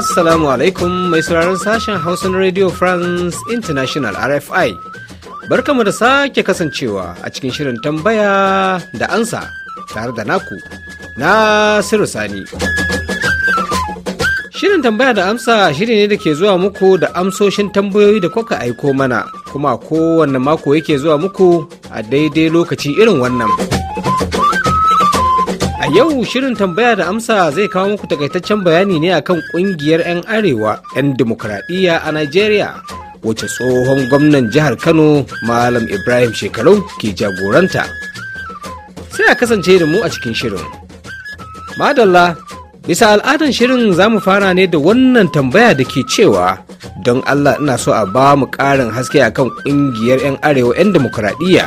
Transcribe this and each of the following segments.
Assalamu alaikum mai sauraron sashen Hausa na Radio France International RFI. Barkamu da sake kasancewa a cikin shirin tambaya da ansa tare da naku Nasiru Sani. Shirin tambaya da amsa shiri ne da ke zuwa muku da amsoshin tambayoyi da kuka aiko mana kuma kowanne mako yake zuwa muku a daidai lokaci irin wannan. A yau shirin tambaya da amsa zai kawo muku takaitaccen bayani ne akan kungiyar 'yan arewa 'yan demokradiyya a Najeriya wacce tsohon gwamnan jihar Kano Malam Ibrahim Shekarau ke jagoranta. Sai a kasance da mu a cikin shirin. Madalla, bisa al'adar shirin za mu fara ne da wannan tambaya da ke cewa don Allah ina so a ba mu karin haske a kan ƙungiyar 'yan arewa 'yan demokuraɗiyya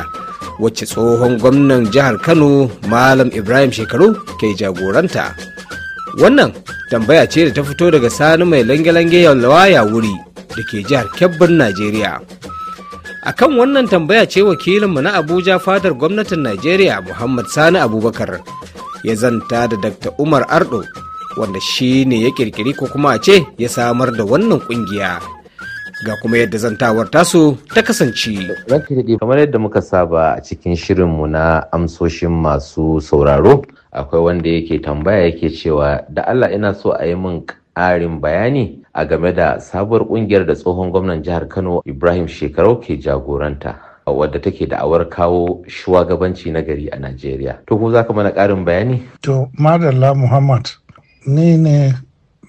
wacce tsohon gwamnan jihar Kano Malam Ibrahim Shekaru ke jagoranta. Wannan tambaya ce da ta fito daga sani mai lange-lange ya wuri da ke jihar Kebbin Najeriya. A kan wannan tambaya ce wakilinmu na abuja fadar gwamnatin najeriya muhammad sani abubakar ya zanta da dr umar ardo wanda shi ne ya kirkiri ko kuma a ce ya samar da wannan kungiya ga kuma yadda zantawar tasu ta kasance. kamar yadda muka saba a cikin shirinmu na amsoshin masu sauraro akwai wanda yake tambaya yake cewa da Allah ina so a yi min ƙarin bayani a game da sabuwar ƙungiyar da tsohon gwamnan jihar Kano Ibrahim Shekarau ke jagoranta. wadda take da'awar kawo shugabanci na gari a Najeriya. To ko za ka mana ƙarin bayani? To Madalla Muhammad ni ne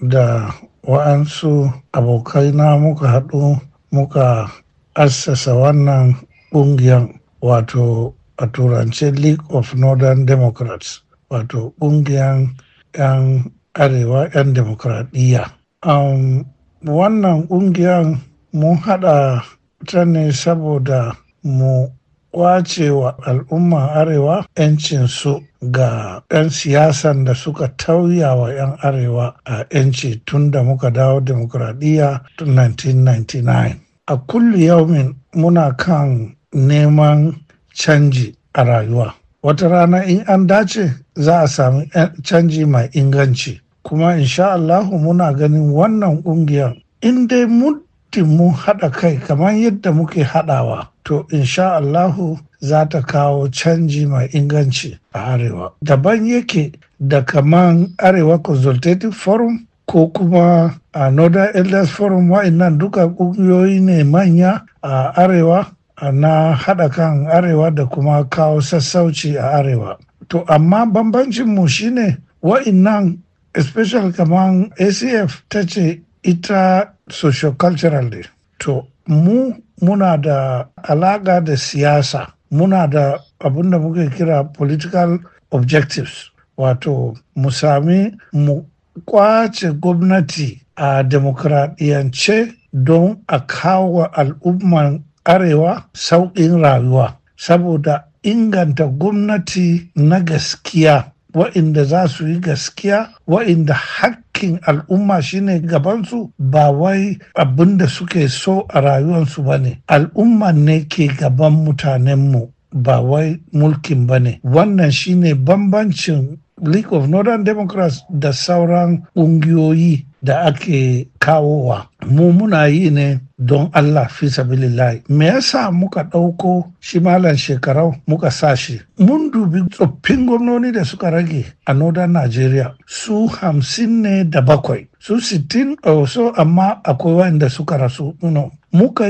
da wa'ansu abokai na muka haɗu muka assasa wannan ƙungiyar wato a turance League of Northern Democrats wato ƙungiyar 'yan arewa 'yan demokradiyya. Um, wannan ƙungiyar mun haɗa ta ne saboda mu kwace wa al'umman arewa 'yancinsu ga 'yan siyasan da suka tauya wa 'yan arewa a 'yanci tun da muka dawo demokuraɗiyya tun 1999 a kullu yaumin muna kan neman canji a rayuwa wata rana in an dace za a sami canji mai inganci kuma insha Allahu muna ganin wannan ƙungiyar in dai muddin mun haɗa kai kamar yadda muke haɗawa to insha Allahu za ta kawo canji mai inganci a arewa daban yake da kaman arewa consultative forum ko kuma a northern elders forum wa'annan duka ƙungiyoyi ne manya a arewa na haɗa kan arewa da kuma kawo sassauci a arewa to amma bambancin bambancinmu shine wa'annan especially kaman acf ta ce ita sociocultural ne to mu muna da alaƙa da siyasa muna da abin da muke kira political objectives wato mu sami mu kwace gwamnati a demokradiyance don a kawo al'umman arewa sauƙin rayuwa saboda inganta gwamnati na gaskiya wa'inda za su yi gaskiya wa'inda hakkin al'umma shine gabansu ba wai abin da suke so a rayuwarsu ba ne al'umma ne ke gaban mutanenmu ba wai mulkin ba ne wannan shine bambancin league of northern democrats da sauran ƙungiyoyi da ake kawowa mu muna yi ne don Allah fi sabilillahi me yasa muka ɗauko shi malam shekarau muka sa shi mun dubi tsoffin gwamnoni da suka rage a northern Nigeria su hamsin ne da bakwai su sittin so amma akwai wanda suka rasu no. muka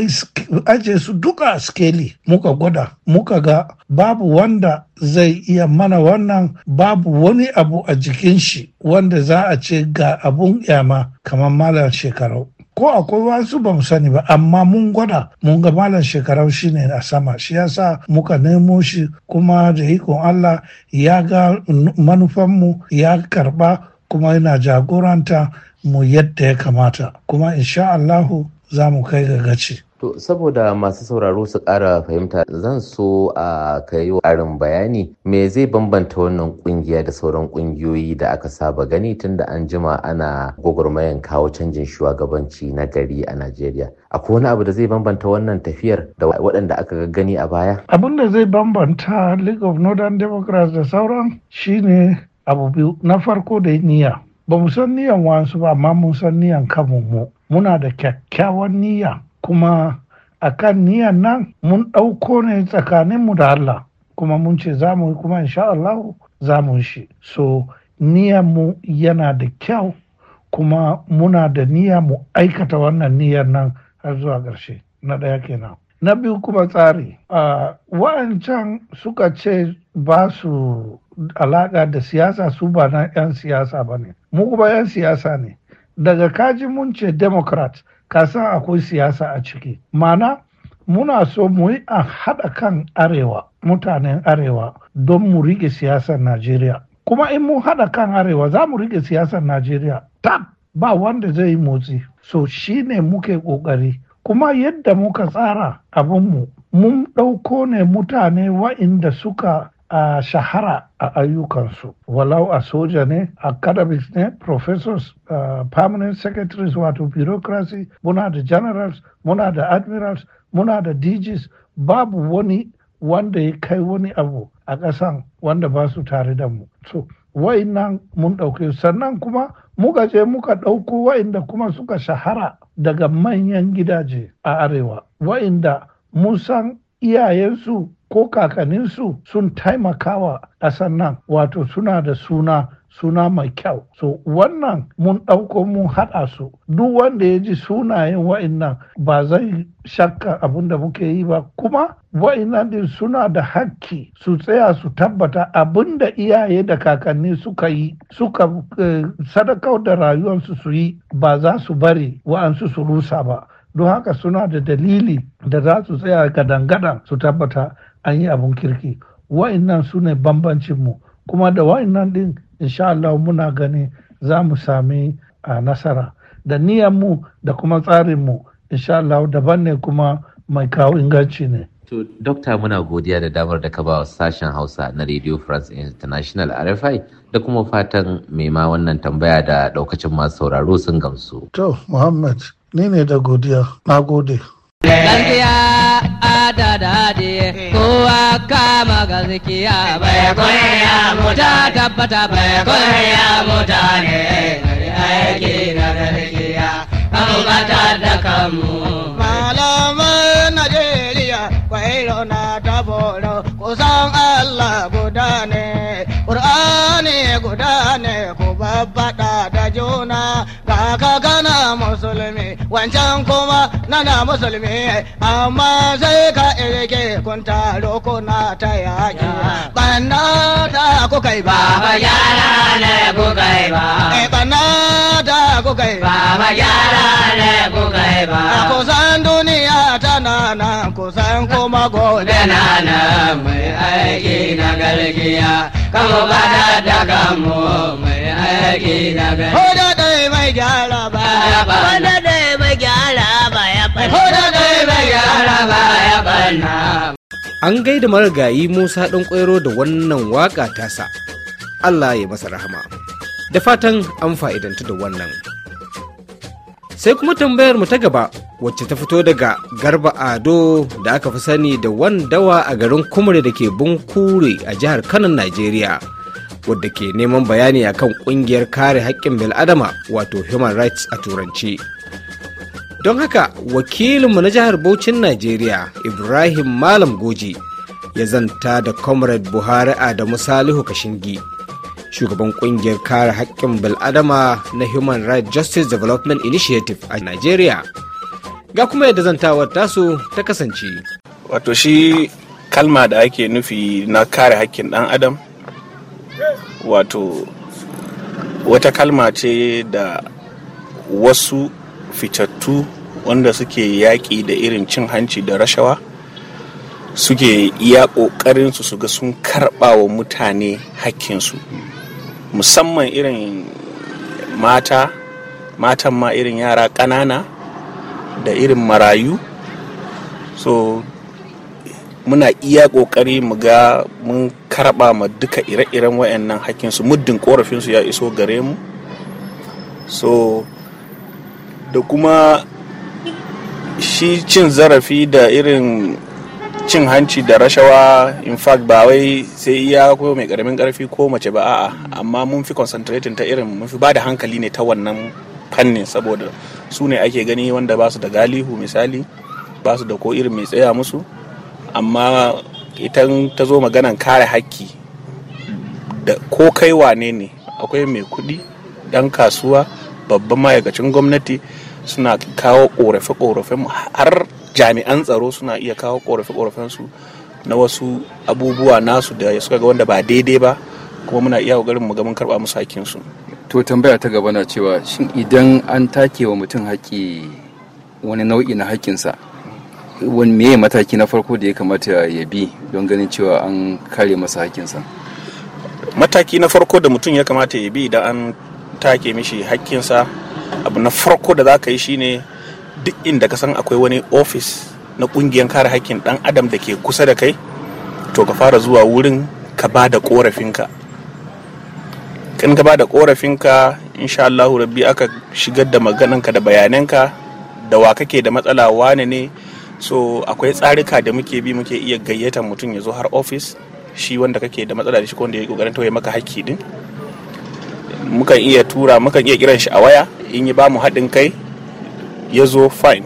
aje su duka a skeli muka gwada muka ga babu wanda zai iya mana wannan babu wani abu a jikin shi wanda za a ce ga abun yama kamar malam shekarau ko akwai wasu ba mu sani ba amma mun gwada mun ga malam shekarau shine a sama shi yasa muka nemo shi kuma da ikon Allah ya ga manufanmu ya karba kuma yana jagoranta mu yadda ya kamata kuma insha Allahu za mu kai ga gaci To saboda masu sauraro su ƙara fahimta zan so a kai ƙarin bayani me zai bambanta wannan ƙungiya da sauran ƙungiyoyi da aka saba gani tun da an jima ana gwagwarmayan kawo canjin shugabanci na gari a Najeriya. Akwai wani abu da zai bambanta wannan tafiyar da waɗanda aka gani a baya? Abin da zai bambanta League of Northern Democrats da sauran shine abu biyu na farko da niyya. Ba mu san niyan wasu ba amma mun san niyan kanmu mu. Muna da kyakkyawan niyya kuma a kan niyan nan mun ɗauko ne tsakaninmu da Allah kuma mun ce za mu yi kuma insha Allah za mu shi so mu yana da kyau kuma muna da niyya mu aikata wannan niyyar nan har zuwa ƙarshe na ɗaya kenan na biyu kuma tsari wa'ancan suka ce ba su alaƙa da siyasa su ba na 'yan siyasa ba ne mu kuma 'yan siyasa ne daga kaji mun ce democrat kasan akwai siyasa a ciki mana muna so mu yi a haɗa kan arewa mutanen arewa don mu rige siyasar najeriya kuma in mun haɗa kan arewa za mu rige siyasar najeriya Ta. ba wanda zai yi motsi so shi ne muke ƙoƙari kuma yadda muka tsara abinmu mun ɗauko ne mutane wa'inda suka a shahara a ayyukansu walau a soja ne academics ne professors permanent secretaries wato bureaucracy muna da generals muna da admirals muna da dgs babu wani wanda ya kai wani abu a ƙasan wanda ba su tare da mu so nan mun ɗauke sannan kuma muka je muka ɗauko wa'inda kuma suka shahara daga manyan gidaje a arewa wa'inda mun san iyayensu ko kakanninsu sun taimakawa ƙasar nan wato suna da suna suna mai kyau so wannan mun ɗauko mun haɗa su duk wanda ya ji sunayen wa'innan ba zai shakka abin da muke yi ba kuma wa'innan din suna da hakki su tsaya su tabbata abin da iyaye da kakanni suka yi suka eh, sadakar da rayuwarsu su yi ba za su bari wa'ansu su rusa ba don haka suna da dalili da za su tsaya gadan-gadan su tabbata an yi abun kirki wa'annan su ne bambancinmu kuma da wa'annan din insha Allah muna gani za mu sami a nasara da niyanmu da kuma tsarinmu insha Allah daban ne kuma mai kawo inganci ne. To, Dokta muna godiya da damar da ka ba sashen Hausa na Radio France International RFI da kuma fatan mai ma wannan tambaya da daukacin masu sauraro sun gamsu. To, Muhammad, ni ne da godiya, na gode. ada dadi eh. Ko kama ga zikiya bai koya muta tabbata bai koya mutane aiki na gaskiya an bata da kanmu malaman najeriya kwairo na taboro kusan allah guda ne ƙur'ani guda ne ku babba ka kana musulmi wancan kuma nana musulmi amma sai ka irge kun taro kuna ta yaki banna ta kuka yi baba yara ne kuka yi ba eh, banna ta kuka yi baba yara ne kuka yi ba kusan duniya tana nan kusan kuma gobe na nan mai aiki na gargiya kama mu bada da kan mu mai aiki na gargiya gyara ba gyara ba ya an gaida marigayi Musa ɗan ƙwairo da wannan waƙa tasa. Allah ya masa rahama. Da fatan an fa'idanta da wannan. Sai kuma tambayar mu ta gaba wacce ta fito daga Garba Ado da aka fi sani da wandawa a garin Kumure da ke Bunkure a jihar kanan Najeriya. wadda ke neman bayani akan kungiyar kare haƙƙin bil'adama wato human rights a Turanci. don haka wakilinmu na jihar Bauchin Najeriya Ibrahim Malam Goji ya zanta da Comrade Buhari Adamu Salihu Kashingi shugaban kungiyar kare haƙƙin bil'adama na Human Rights Justice Development Initiative a Najeriya ga kuma yadda zantawar tasu ta kasance. Wato shi kalma da ake nufi na kare haƙƙin ɗan adam wato wata kalma ce da wasu fitattu wanda suke yaƙi da irin cin hanci da rashawa suke iya ƙoƙarinsu su ga sun karɓa wa mutane hakkinsu musamman irin mata matan ma irin yara ƙanana da irin marayu so muna iya ƙoƙari mu ga mun karɓa ma duka ire-iren wayannan hakinsu muddin korafinsu ya iso gare mu so da kuma shi cin zarafi da irin cin hanci da rashawa in fact ba wai sai iya ko mai karamin karfi ko mace ba a'a amma mun fi concentrating ta irin mun fi bada hankali ne ta wannan fannin saboda su ne ake gani wanda ba su da galihu misali ba su da ko irin mai tsaya musu amma ita ta zo maganan kare haƙƙi da ko kai wane ne akwai mai kuɗi ɗan kasuwa babban ma'aikacin gwamnati suna kawo ƙorafe ƙorafe har jami'an tsaro suna iya kawo ƙorafe-ƙorafen su na wasu abubuwa nasu da suka ga wanda ba daidai ba kuma muna iya ƙoƙarin mu gaban karɓa musu hakkin su to tambaya ta gaba na cewa shin idan an take wa mutum haƙƙi wani nau'i na haƙƙinsa wani meye mataki na farko da ya kamata ya bi don ganin cewa an kare masa hakkinsa mataki na farko da mutum ya kamata ya bi da an take mishi hakkinsa abu na farko da za ka yi shine duk inda ka san akwai wani ofis na kungiyar kare hakkin dan adam da ke kusa da kai to ka fara zuwa wurin ka ba da korafinka kan ka ba da korafinka insha Allah rabbi aka shigar da magananka da bayananka da wa kake da matsala wane ne so akwai tsarika da muke bi muke iya gayyatar mutum ya zo har ofis shi wanda kake da matsala da shi wanda ya yi kokarin tawaye maka hakki din mukan iya tura mukan iya kiran shi a waya in yi bamu haɗin kai ya zo fine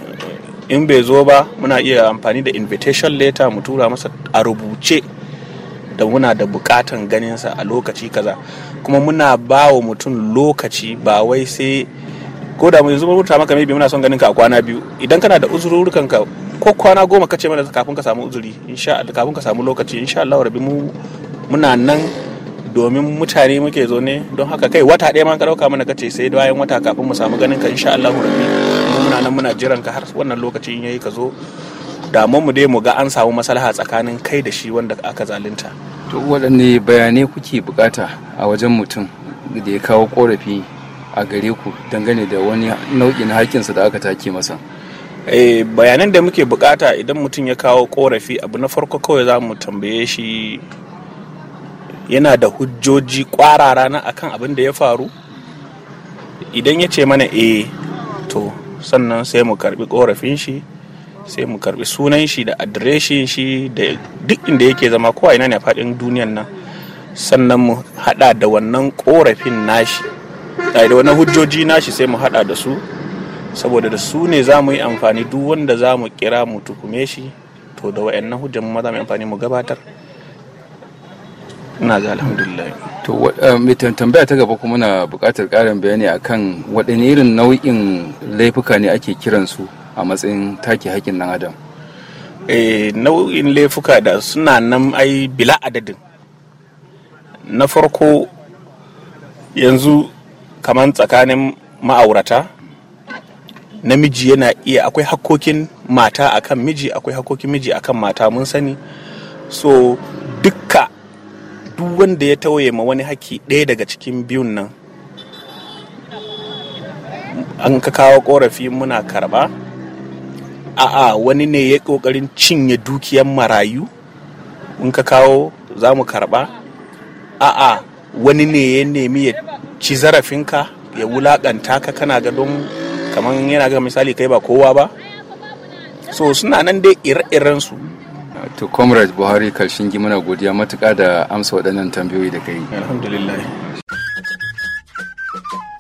in bai zo ba muna iya amfani da invitation letter mu tura masa a rubuce da muna da bukatan ganinsa a lokaci kaza kuma muna ba wa mutum lokaci ba wai sai ko da mu yanzu rubuta maka maybe muna son ganin ka a kwana biyu idan kana da uzururukan ka ko kwana goma kace mana kafin ka samu uzuri insha Allah kafin ka samu lokaci insha Allah rabi muna nan domin mutane muke zo ne don haka kai wata ɗaya ma ka dauka mana kace sai bayan wata kafin mu samu ganin ka insha Allah rabi muna nan muna jiran ka har wannan lokaci in yayi ka zo damuwar mu dai mu ga an samu maslaha tsakanin kai da shi wanda aka zalunta to waɗanne bayanai kuke bukata a wajen mutum da ya kawo korafi a gare ku dangane da wani nau'in haƙƙinsa da aka take masa e bayanan da muke bukata idan mutum ya kawo korafi abu na farko kawai za mu tambaye shi yana da hujjoji kwarara na akan abin da ya faru idan ya ce mana e to sannan sai mu karbi korafin shi sai mu karbi sunan shi da adireshin shi da duk inda yake zama kowa ina ne faɗin duniyan nan sannan mu hada da wannan korafin nashi da wannan hujjoji nashi sai mu hada da su saboda da su ne za mu yi amfani duk wanda za mu kira mu tukume shi to da wa'annan hujjan mu za mu amfani mu gabatar ina ga alhamdulillah to eh, mai tambaya ta gaba kuma na buƙatar ƙarin bayani akan waɗanne irin nau'in laifuka ne ake kiransu a matsayin take haƙƙin ɗan adam eh, nau'in laifuka da suna nan ai bila adadin na farko yanzu kamar tsakanin ma'aurata namiji yana iya akwai hakkokin mata akan miji akwai hakkokin miji akan mata mun sani so dukka duk wanda ya tauye ma wani haki ɗaya daga cikin biyun nan an ka kawo korafi muna karba a wani ne ya kokarin cinye dukiyan marayu in ka kawo za mu karba a'a wani ne ya nemi ya ci zarafinka ya wulaƙanta ka kana ga don kamar yana ga misali kai ba kowa ba so suna nan dai ire-iren su to comrade buhari kalshin muna godiya matuƙa da amsa waɗannan tambayoyi da kai alhamdulillah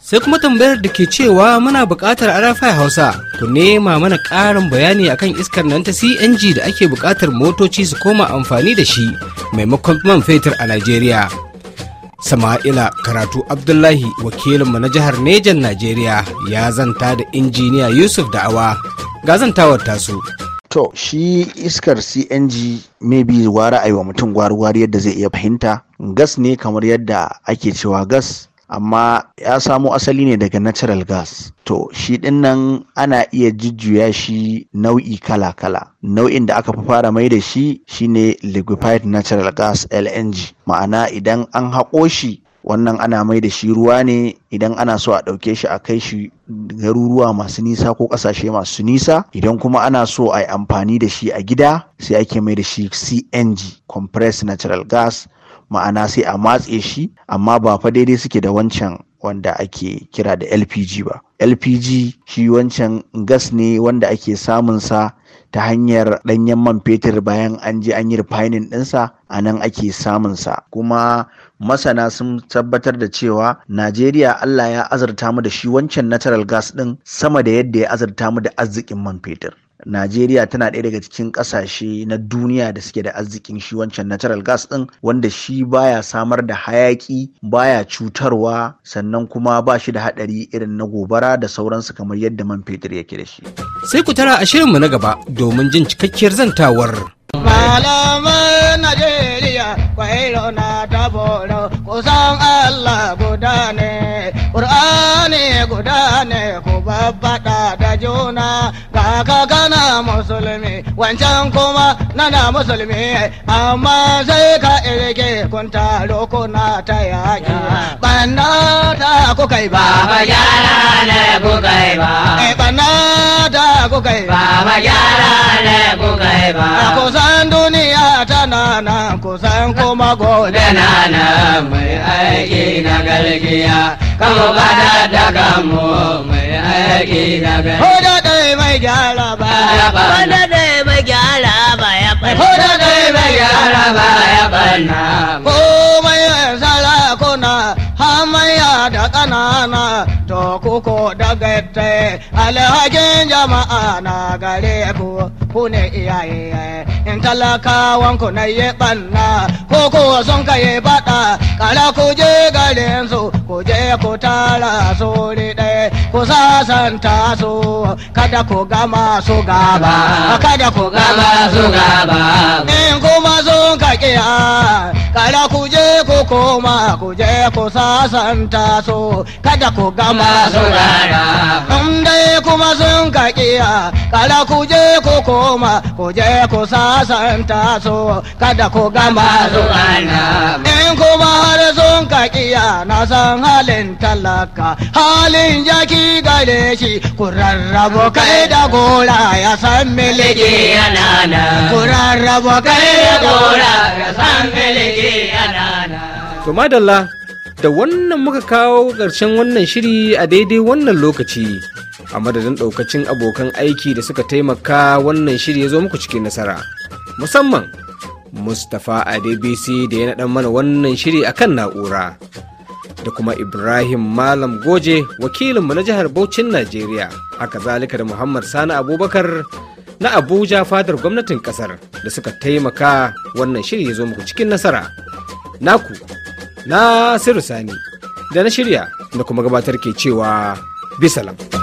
sai kuma tambayar da ke cewa muna buƙatar arafai hausa ku nema mana ƙarin bayani akan iskar nan ta cng da ake buƙatar motoci su koma amfani da shi maimakon man fetur a najeriya Sama'ila Karatu Abdullahi wakilinmu na jihar Nejan Najeriya ya zanta da injiniya Yusuf Da'awa ga zantawar tasu. To shi iskar CNG maybe ra'ayi wa mutum gwari-gwari yadda zai iya fahimta gas ne kamar yadda ake cewa gas amma ya samo asali ne daga natural gas to shi din nan ana iya jujjuya shi nau'i kala-kala nau'in da aka fi fara mai da shi shine liquefied natural gas lng ma'ana idan an haƙo shi wannan ana mai da shi ruwa ne idan ana so a ɗauke shi a kai shi garuruwa masu nisa ko ƙasashe masu nisa idan kuma ana so a yi amfani da shi a gida sai ake mai da shi cng compressed natural gas ma'ana sai a matse shi amma ba fa daidai suke da wancan wanda ake kira da lpg ba lpg shi wancan gas ne wanda ake samunsa ta hanyar ɗanyen man fetur bayan an je an yi refining ɗinsa a nan ake samunsa kuma masana sun tabbatar da cewa najeriya allah ya azurta mu da shi wancan natural gas din sama da yadda ya azarta mu da arzikin man fetur Najeriya tana ɗaya daga cikin ƙasashe na duniya da suke da arzikin shi wancan natural gas ɗin wanda shi baya samar da hayaki baya cutarwa sannan kuma ba shi da haɗari irin na gobara da sauransu kamar yadda man fetur yake da shi. Sai ku tara a mu na gaba domin jin cikakkiyar zantawar. Malaman Najeriya, ba ta boro kusan Allah guda ne Qur'ani guda ne ku babbaɗa da juna ga ka gana musulmi wancan kuma nana musulmi amma sai ka irge kun taro kuna ta yaƙi banna ta ku kai ba ba yara ne ku kai ba eh, banna ta ku kai ba ba yara ne ku kai ba kusan duniya ta nana na kusan kuma gobe. Yana na mai aiki na gargiya, kama ba da daga mai aiki na gargiya. Hoda dai mai gyara ba ya ba. Hoda dai mai gyara ba ya ba. Hoda dai mai gyara ba ya ba. na ko mai sala Komai sarakuna hamaya da kanana to kuko daga te alhajin jama'a na gare ku ku ne iyaye in talakawan ku na yi banna ko kuwa sun ka yi bada kara ku je garin su ku je ku tara sori ɗaya ku sasanta su kada ku gama su gaba kada ku gama su gaba in kuma sun ka kiya kara ku je ku koma ku je ku sasanta su da ku gama saurara. In dai kuma sun kakiya, kala ku je ku koma, ku je ku sasanta so, kada ku gama saurara. In kuma har sun kakiya, na san halin talaka, halin ki gare shi, ku rarrabo kai da gora ya san miliki ya nana. Ku rarrabo kai da gora ya san miliki ya nana. To da wannan muka kawo ƙarshen wannan shiri a daidai wannan lokaci a madadin ɗaukacin abokan aiki da suka taimaka wannan shiri ya zo muku cikin nasara musamman mustapha adebisi da ya naɗa mana wannan shiri a kan na'ura da kuma ibrahim malam goje wakilinmu na jihar Bauchin najeriya haka zalika da muhammad sani abubakar na abuja fadar gwamnatin ƙasar, da suka taimaka wannan shiri ya zo muku cikin nasara naku na Sani da na shirya da kuma gabatar ke cewa bisalam.